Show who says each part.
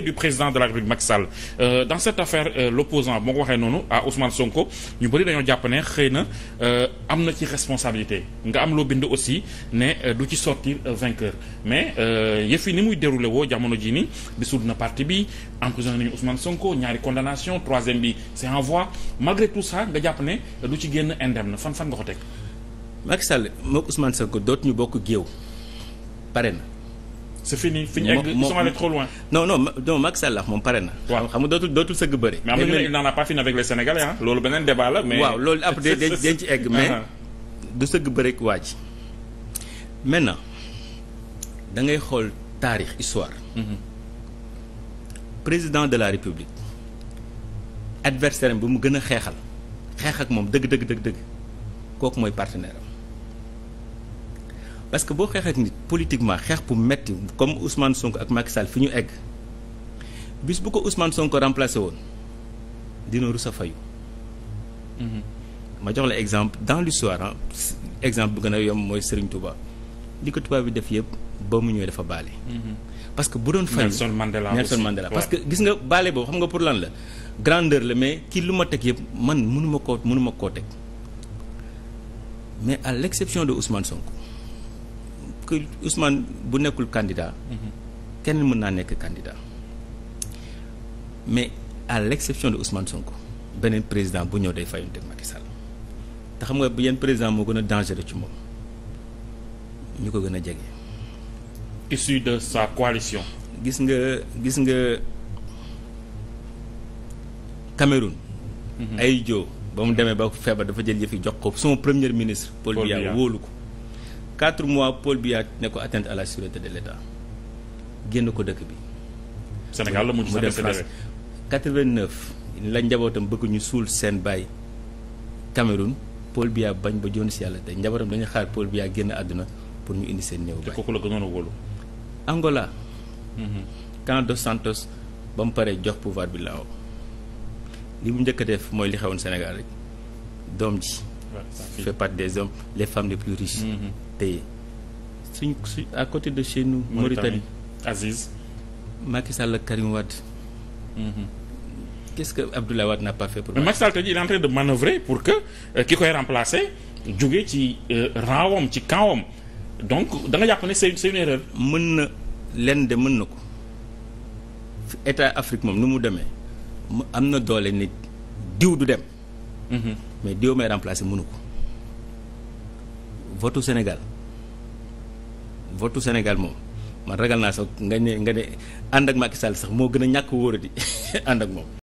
Speaker 1: du président de la République Macky Sall euh, dans cette affaire euh, l'opposant boo ko waxee noonu à Ousmane Sonko ñu bari dañoo jàpp ne xëy na euh, am na ci responsabilité nga am loo bind aussi ne du ci sortir vainqueur mais yëf yi ni muy déroulé woo jamono ji ni suud na parti bi emprisonné nañu Ousmane Sonko ñaari condamnation troisième bi c'est en voie malgré tout ça nga jàpp ne du ci génn indemne fan fan nga ko teg Macky Sall mook Ousmane Sonko dootuñu bokk
Speaker 2: géew pare na c'est fini fi ñu egg ils sont allés trop loin. non non non Macky Sall moom pare na. waaw xam nga dootul dootul sëgg bëri. mais am na ñu ne il
Speaker 1: n'en a pas fini avec les Sénégalais ah. loolu beneen débat la mais. waaw loolu après dañ ci egg mais. Uh-huh.
Speaker 2: du sëgg bëri waa ji. maintenant da ngay xool taarix histoire. Mm-hmm. président de la république. adversaire am bu mu gën a xeexal. xeex ak moom dëgg dëgg dëgg kooku mooy partenaire parce que boo xeex ak nit politiquement xeex bu metti comme Ousmane Sonko ak Macky Sall fi ñu egg bis bu ko Ousmane Sonko remplacé woon dina rus fayu mhm. ma jox la exemple dans l'histoire ah exemple bu gën a yomb mooy Serigne Touba li ko tubaab bi def yëpp ba mu ñëwee dafa baale. Mhm. parce que bu doon fayu Nelson Mandela Nelson parce que gis nga baale boobu xam nga pour lan la grandeur la mais kii lu ma teg yëpp man mënu ma koo mënu ma koo teg mais à l'exception de Ousmane sonk que Ousmane bu nekkul candidat kenn mën naa nekk candidat mais à l'exception de Ousmane Sonko beneen président bu ñëw day fayonteeg Macky Sall te xam nga bu yenn président moo gën a dangereux ci moom ñu ko gën a jege. issu gis nga gis nga Cameroun. Mhm. ay jo ba mu demee ba feebar dafa jël yëf yi jox ko son première ministre. Paul Biya wóolu ko. quatre mois Paul Biya ne ko atteinte à la sûreté de l'État génn ko dëkk bi. Sénégal la mu def France 89 la njabootam bëgg ñu suul seen baay Cameroun Paul Biya bañ ba joon si yàlla tey njabootam dañu xaar Paul Biya génn àdduna pour ñu indi seen néew baay. te kooku la a wóolu. Angola. quand mhm. Dos Santos ba mu paree jox pouvoir bi laaw li mu njëkk a def mooy li xewoon Sénégal rek doom ji. fait partie des hommes les femmes les plus riches. Mhm. tey suñ su à côté de chez nous. Mauritanie Aziz. Macky Sall ak Karim
Speaker 1: Wade. Mhm. qu'est-ce que Abdoulaye Wade n'a pas fait pour. mais Macky Sall il est de manœuvrer pour que euh, ki koy remplacer jóge ci euh, raawam ci kawam donc da nga jàpp ne c'est c'est une mën na lenn de mën na ko
Speaker 2: état Afrique moom nu mu demee mu am na doole nit diw du dem. Mhm. mais diw may remplacer mënu ko votu Sénégal. votu Sénégal moom man ragal naa sax nga ne nga ne ànd ak Macky Sall sax moo gën a ñàkk wóoradi ànd ak moom